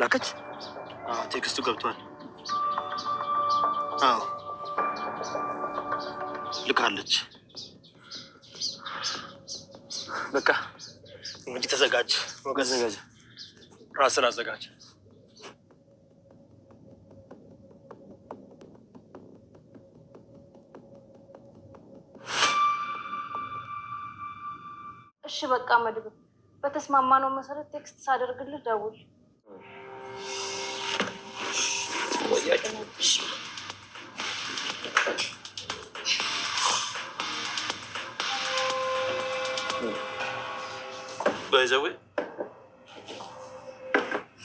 ላከች። ቴክስቱ ገብቷል። አዎ ልካለች። በቃ እንግዲህ ተዘጋጅ፣ ተዘጋጅ፣ ራስን አዘጋጅ። እሺ በቃ መድብ፣ በተስማማነው መሰረት ቴክስት ሳደርግልህ ደውል። ቆያችሁ። በዘዌ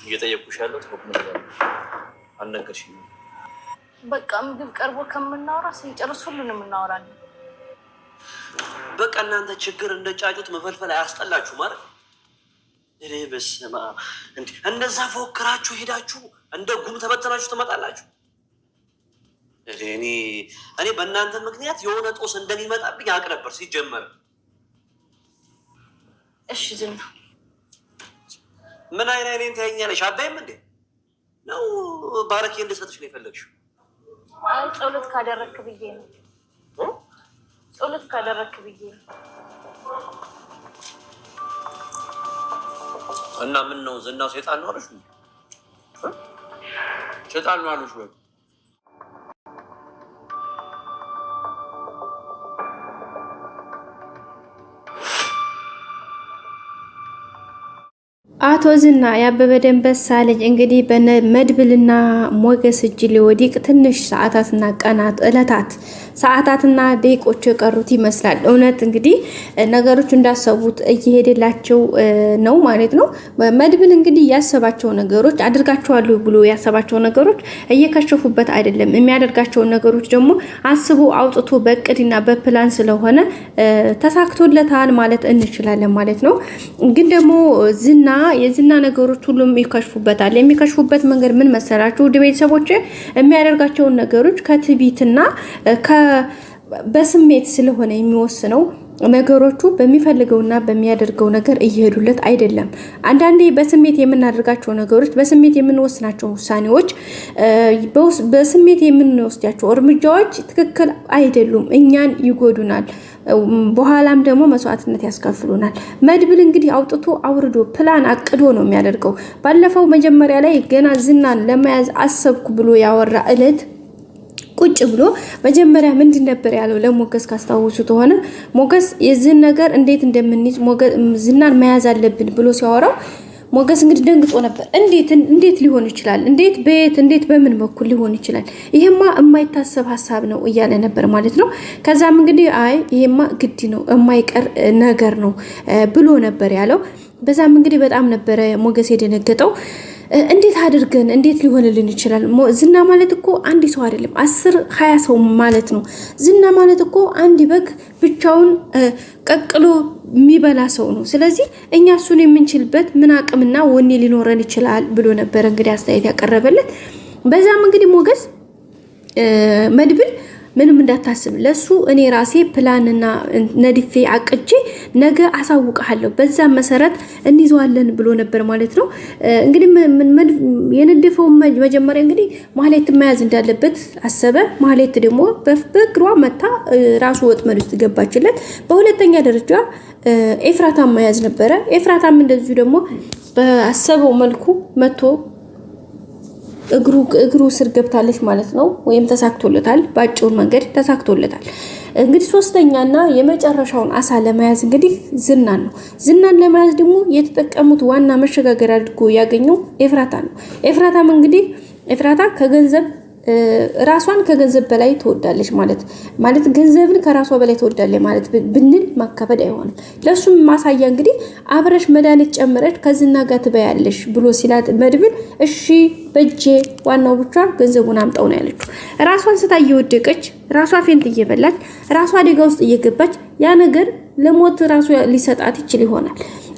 እየጠየቁሽ ያለው አልነገርሽኝም። በቃ ምግብ ቀርቦ ከምናወራ ስንጨርስ ሁሉንም እናወራለን። በቃ እናንተ ችግር እንደ ጫጩት መፈልፈል አያስጠላችሁ ማለት እኔ በስመ አብ እንደ እንደዛ ፎክራችሁ ሄዳችሁ እንደ ጉም ተበተናችሁ ትመጣላችሁ። እኔ እኔ በእናንተ ምክንያት የሆነ ጦስ እንደሚመጣብኝ አውቅ ነበር ሲጀመር። እሺ ዝም ምን አይነት አይኔን ታየኛለሽ? አባይም እንዴ ነው ባረኬ እንድሰጥሽ ነው የፈለግሽው? አሁን ጸሎት ካደረክ ብዬ ነው ጸሎት ካደረክ ብዬ ነው እና ምን ነው ዝናው ሴጣን ነው አሉሽ? ሴጣን ነው አሉሽ ወይ? አቶ ዝና የአበበ ደንበሳ ልጅ እንግዲህ በመድብልና ሞገስ እጅ ሊወዲቅ ትንሽ ሰዓታትና ቀናት እለታት ሰዓታትና ደቂቆች የቀሩት ይመስላል። እውነት እንግዲህ ነገሮች እንዳሰቡት እየሄደላቸው ነው ማለት ነው። መድብል እንግዲህ ያሰባቸው ነገሮች አድርጋቸዋለሁ ብሎ ያሰባቸው ነገሮች እየከሸፉበት አይደለም። የሚያደርጋቸውን ነገሮች ደግሞ አስቦ አውጥቶ በእቅድና በፕላን ስለሆነ ተሳክቶለታል ማለት እንችላለን ማለት ነው። ግን ደግሞ ዝና የዝና ነገሮች ሁሉም ይከሽፉበታል። የሚከሽፉበት መንገድ ምን መሰላችሁ? ውድ ቤተሰቦች የሚያደርጋቸውን ነገሮች ከትቢትና በስሜት ስለሆነ የሚወስነው ነገሮቹ በሚፈልገውና በሚያደርገው ነገር እየሄዱለት አይደለም። አንዳንዴ በስሜት የምናደርጋቸው ነገሮች፣ በስሜት የምንወስናቸው ውሳኔዎች፣ በስሜት የምንወስዳቸው እርምጃዎች ትክክል አይደሉም፣ እኛን ይጎዱናል፣ በኋላም ደግሞ መስዋዕትነት ያስከፍሉናል። መድብል እንግዲህ አውጥቶ አውርዶ ፕላን አቅዶ ነው የሚያደርገው። ባለፈው መጀመሪያ ላይ ገና ዝናን ለመያዝ አሰብኩ ብሎ ያወራ እለት ቁጭ ብሎ መጀመሪያ ምንድን ነበር ያለው ለሞገስ ካስታውሱት ሆነ ሞገስ የዚህን ነገር እንዴት እንደምንይዝ ዝናን መያዝ አለብን ብሎ ሲያወራው ሞገስ እንግዲህ ደንግጦ ነበር። እንዴት እንዴት ሊሆን ይችላል? እንዴት በየት እንዴት በምን በኩል ሊሆን ይችላል? ይሄማ የማይታሰብ ሀሳብ ነው እያለ ነበር ማለት ነው። ከዛም እንግዲህ አይ ይሄማ ግድ ነው የማይቀር ነገር ነው ብሎ ነበር ያለው። በዛም እንግዲህ በጣም ነበረ ሞገስ የደነገጠው። እንዴት አድርገን እንዴት ሊሆንልን ይችላል? ዝና ማለት እኮ አንድ ሰው አይደለም፣ አስር ሀያ ሰው ማለት ነው። ዝና ማለት እኮ አንድ በግ ብቻውን ቀቅሎ የሚበላ ሰው ነው። ስለዚህ እኛ እሱን የምንችልበት ምን አቅምና ወኔ ሊኖረን ይችላል ብሎ ነበረ እንግዲህ አስተያየት ያቀረበለት። በዛም እንግዲህ ሞገስ መድብል ምንም እንዳታስብ ለሱ እኔ ራሴ ፕላንና ነድፌ አቅጄ ነገ አሳውቀሃለሁ። በዛ መሰረት እንይዘዋለን ብሎ ነበር ማለት ነው። እንግዲህ የነደፈው መጀመሪያ እንግዲህ ማህሌት መያዝ እንዳለበት አሰበ። ማህሌት ደግሞ በእግሯ መታ ራሱ ወጥመድ ውስጥ ገባችለት። በሁለተኛ ደረጃ ኤፍራታም መያዝ ነበረ። ኤፍራታም እንደዚሁ ደግሞ በአሰበው መልኩ መቶ እግሩ ስር ገብታለች ማለት ነው፣ ወይም ተሳክቶለታል። በአጭሩ መንገድ ተሳክቶለታል። እንግዲህ ሶስተኛና የመጨረሻውን አሳ ለመያዝ እንግዲህ ዝናን ነው። ዝናን ለመያዝ ደግሞ የተጠቀሙት ዋና መሸጋገር አድርጎ ያገኘው ኤፍራታ ነው። ኤፍራታም እንግዲህ ኤፍራታ ከገንዘብ ራሷን ከገንዘብ በላይ ትወዳለች ማለት ማለት ገንዘብን ከራሷ በላይ ትወዳለች ማለት ብንል ማካበድ አይሆንም። ለእሱም ማሳያ እንግዲህ አብረሽ መድኃኒት ጨምረሽ ከዝና ጋር ትበያለሽ ብሎ ሲላት መድብል እሺ በጄ ዋናው ብቻ ገንዘቡን አምጣው ነው ያለችው። ራሷን ስታ እየወደቀች ራሷ ፌንት እየበላች ራሷ አደጋ ውስጥ እየገባች ያ ነገር ለሞት ራሱ ሊሰጣት ይችል ይሆናል።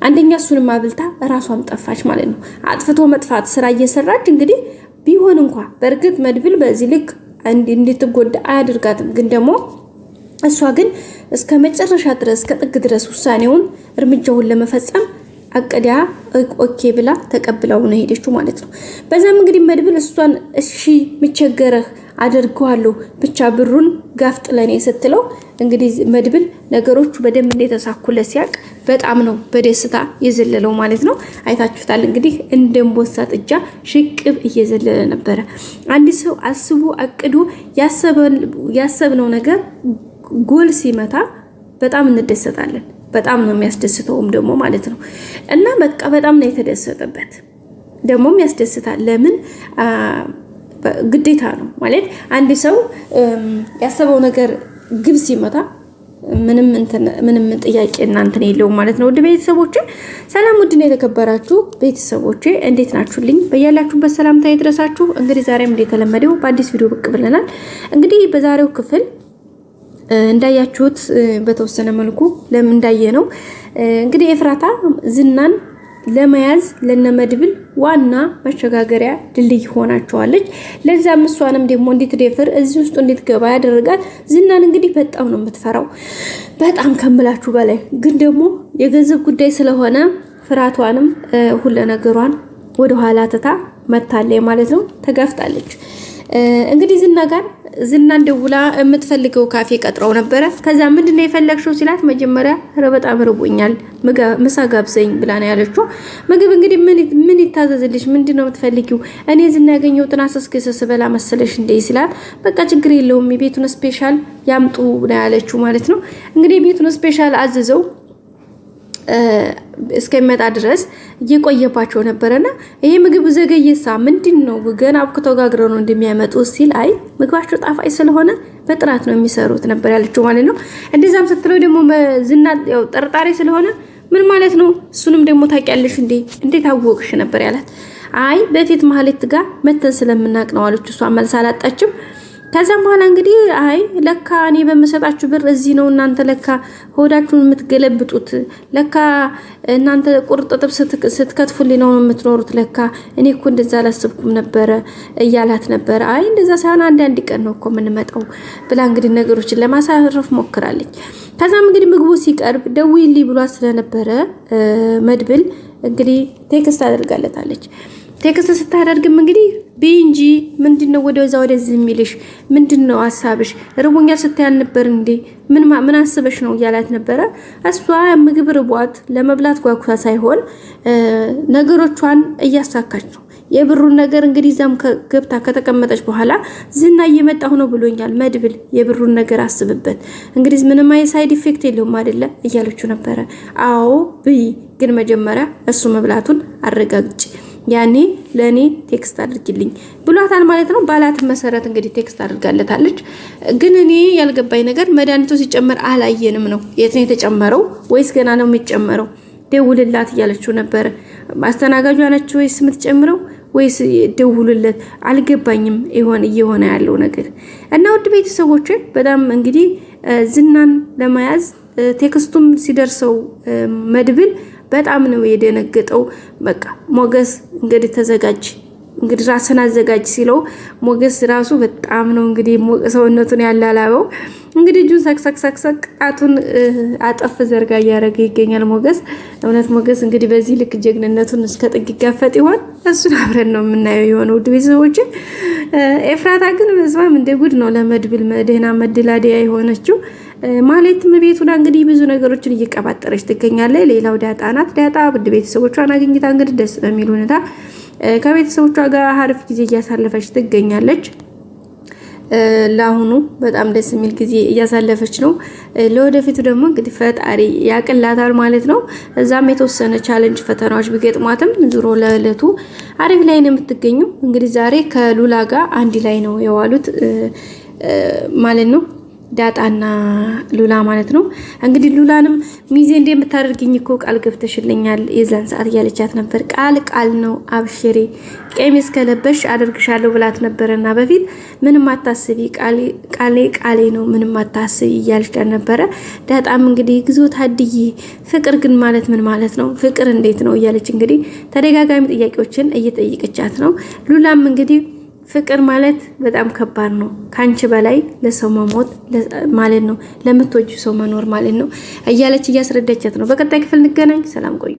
አንደኛ እሱንም አብልታ ራሷም ጠፋች ማለት ነው። አጥፍቶ መጥፋት ስራ እየሰራች እንግዲህ ቢሆን እንኳ በእርግጥ መድብል በዚህ ልክ እንድትጎዳ አያደርጋትም። ግን ደግሞ እሷ ግን እስከ መጨረሻ ድረስ እስከ ጥግ ድረስ ውሳኔውን እርምጃውን ለመፈጸም አቅዳ ኦኬ ብላ ተቀብለው ነው ሄደችው ማለት ነው። በዛም እንግዲህ መድብል እሷን እሺ ምቸገረህ አድርገዋለሁ ብቻ ብሩን ጋፍጥ ለኔ ስትለው እንግዲህ መድብል ነገሮቹ በደንብ እንደተሳኩለት ሲያቅ በጣም ነው በደስታ የዘለለው ማለት ነው። አይታችሁታል እንግዲህ እንደ ጥጃ ሽቅብ እየዘለለ ነበረ። አንድ ሰው አስቦ አቅዶ ያሰብነው ነገር ጎል ሲመታ በጣም እንደሰታለን። በጣም ነው የሚያስደስተውም ደግሞ ማለት ነው። እና በቃ በጣም ነው የተደሰተበት። ደግሞም ያስደስታል። ለምን ግዴታ ነው ማለት አንድ ሰው ያሰበው ነገር ግብ ሲመታ ምንም ጥያቄ እናንትን የለውም ማለት ነው። ውድ ቤተሰቦቼ ሰላም፣ ውድና የተከበራችሁ ቤተሰቦቼ እንዴት ናችሁልኝ? በያላችሁበት ሰላምታ ይድረሳችሁ። እንግዲህ ዛሬም እንደተለመደው በአዲስ ቪዲዮ ብቅ ብለናል። እንግዲህ በዛሬው ክፍል እንዳያችሁት በተወሰነ መልኩ ለምን እንዳየ ነው እንግዲህ ኤፍራታ ዝናን ለመያዝ ለነመድብል ዋና መሸጋገሪያ ድልድይ ሆናቸዋለች። ለዛም እሷንም ደግሞ እንድትደፍር እዚህ ውስጥ እንድትገባ ያደረጋት ዝናን እንግዲህ በጣም ነው የምትፈራው፣ በጣም ከምላችሁ በላይ ግን ደግሞ የገንዘብ ጉዳይ ስለሆነ ፍርሃቷንም ሁለ ነገሯን ወደኋላ ትታ መታለች ማለት ነው፣ ተጋፍጣለች። እንግዲህ ዝና ጋር ዝናን ደውላ የምትፈልገው ካፌ ቀጥረው ነበረ። ከዛ ምንድነው የፈለግሽው ሲላት መጀመሪያ ኧረ በጣም ርቦኛል ምሳ ጋብዘኝ ብላ ነው ያለችው። ምግብ እንግዲህ ምን ይታዘዝልሽ? ምንድነው የምትፈልጊው? እኔ ዝና ያገኘው ጥናት ስበላ መሰለሽ እንደ ሲላት በቃ ችግር የለውም የቤቱን ስፔሻል ያምጡ ነው ያለችው ማለት ነው። እንግዲህ የቤቱን ስፔሻል አዝዘው እስከሚመጣ ድረስ እየቆየባቸው ነበረና ይሄ ምግብ ዘገየሳ ምንድን ነው ገና አብክቶ ጋግረው ነው እንደሚያመጡ ሲል አይ ምግባቸው ጣፋጭ ስለሆነ በጥራት ነው የሚሰሩት ነበር ያለችው ማለት ነው። እንደዛም ስትለው ደግሞ ዝና ያው ጠርጣሪ ስለሆነ ምን ማለት ነው እሱንም ደግሞ ታውቂያለሽ እንዴ እንዴት አወቅሽ ነበር ያላት። አይ በፊት ማህሌት ጋር መተን ስለምናቅ ነው አለች። እሷ መልስ አላጣችም። ከዛም በኋላ እንግዲህ አይ ለካ እኔ በምሰጣችሁ ብር እዚህ ነው እናንተ ለካ ሆዳችሁን የምትገለብጡት፣ ለካ እናንተ ቁርጥጥብ ጥብ ስትከትፉልኝ ነው የምትኖሩት፣ ለካ እኔ እኮ እንደዛ አላሰብኩም ነበረ እያላት ነበረ። አይ እንደዛ ሳይሆን አንድ አንድ ቀን ነው እኮ የምንመጣው ብላ እንግዲህ ነገሮችን ለማሳረፍ ሞክራለች። ከዛም እንግዲህ ምግቡ ሲቀርብ ደውዪልኝ ብሏት ስለነበረ መድብል እንግዲህ ቴክስት አደርጋለታለች። ቴክስት ስታደርግም እንግዲህ ቢንጂ እንጂ ምንድን ነው ወደዛ ወደዚህ የሚልሽ ምንድን ነው ሀሳብሽ? ርቦኛል ስታያል ነበር እንዴ? ምን አስበሽ ነው እያላት ነበረ። እሷ ምግብ ርቧት ለመብላት ጓጉታ ሳይሆን ነገሮቿን እያሳካች ነው። የብሩን ነገር እንግዲህ እዛም ገብታ ከተቀመጠች በኋላ ዝና እየመጣሁ ነው ብሎኛል መድብል፣ የብሩን ነገር አስብበት። እንግዲህ ምንም አይ ሳይድ ኢፌክት የለውም አይደለ እያለችው ነበረ። አዎ ብይ፣ ግን መጀመሪያ እሱ መብላቱን አረጋግጭ ያኔ ለእኔ ቴክስት አድርጊልኝ ብሏታል ማለት ነው። ባላት መሰረት እንግዲህ ቴክስት አድርጋለታለች። ግን እኔ ያልገባኝ ነገር መድኃኒቱ ሲጨመር አላየንም ነው። የት ነው የተጨመረው? ወይስ ገና ነው የሚጨመረው? ደውልላት እያለችው ነበረ። አስተናጋጇ ነች ወይስ የምትጨምረው ወይስ ደውሉለት? አልገባኝም ይሆን እየሆነ ያለው ነገር እና ውድ ቤተሰቦች በጣም እንግዲህ ዝናን ለመያዝ ቴክስቱም ሲደርሰው መድብል በጣም ነው የደነገጠው። በቃ ሞገስ እንግዲህ ተዘጋጅ እንግዲህ ራስን አዘጋጅ ሲለው ሞገስ ራሱ በጣም ነው እንግዲህ ሰውነቱን ያላላበው። እንግዲህ እጁን ሰቅሰቅሰቅሰቅ ጣቱን አጠፍ ዘርጋ እያደረገ ይገኛል ሞገስ። እውነት ሞገስ እንግዲህ በዚህ ልክ ጀግንነቱን እስከ ጥግ ይጋፈጥ ይሆን? እሱን አብረን ነው የምናየው የሆነ ውድ ቤተሰቦች። ኤፍራታ ግን በዝባም እንደ ጉድ ነው ለመድብል መድህና መድላዲያ የሆነችው ማለትም ቤቱን እንግዲህ ብዙ ነገሮችን እየቀባጠረች ትገኛለች። ሌላው ዳጣ ናት። ዳጣ ውድ ቤተሰቦቿን አግኝታ እንግዲህ ደስ በሚል ሁኔታ ከቤተሰቦቿ ጋር አሪፍ ጊዜ እያሳለፈች ትገኛለች። ለአሁኑ በጣም ደስ የሚል ጊዜ እያሳለፈች ነው። ለወደፊቱ ደግሞ እንግዲህ ፈጣሪ ያቅላታል ማለት ነው። እዛም የተወሰነ ቻለንጅ ፈተናዎች ቢገጥሟትም ዙሮ ለዕለቱ አሪፍ ላይ ነው የምትገኘው። እንግዲህ ዛሬ ከሉላ ጋር አንድ ላይ ነው የዋሉት ማለት ነው። ዳጣና ሉላ ማለት ነው። እንግዲህ ሉላንም ሚዜ እንደምታደርግኝ እኮ ቃል ገብተሽልኛል የዛን ሰዓት እያለቻት ነበር። ቃል ቃል ነው፣ አብሽሪ ቀሚስ ከለበሽ አደርግሻለሁ ብላት ነበረና በፊት ምንም አታስቢ፣ ቃሌ ቃሌ ነው፣ ምንም አታስቢ እያለቻት ነበረ። ዳጣም እንግዲህ ግዞ ታድይ ፍቅር ግን ማለት ምን ማለት ነው? ፍቅር እንዴት ነው? እያለች እንግዲህ ተደጋጋሚ ጥያቄዎችን እየጠየቀቻት ነው። ሉላም እንግዲህ ፍቅር ማለት በጣም ከባድ ነው። ከአንቺ በላይ ለሰው መሞት ማለት ነው፣ ለምትወጁ ሰው መኖር ማለት ነው እያለች እያስረዳቻት ነው። በቀጣይ ክፍል እንገናኝ። ሰላም ቆዩ።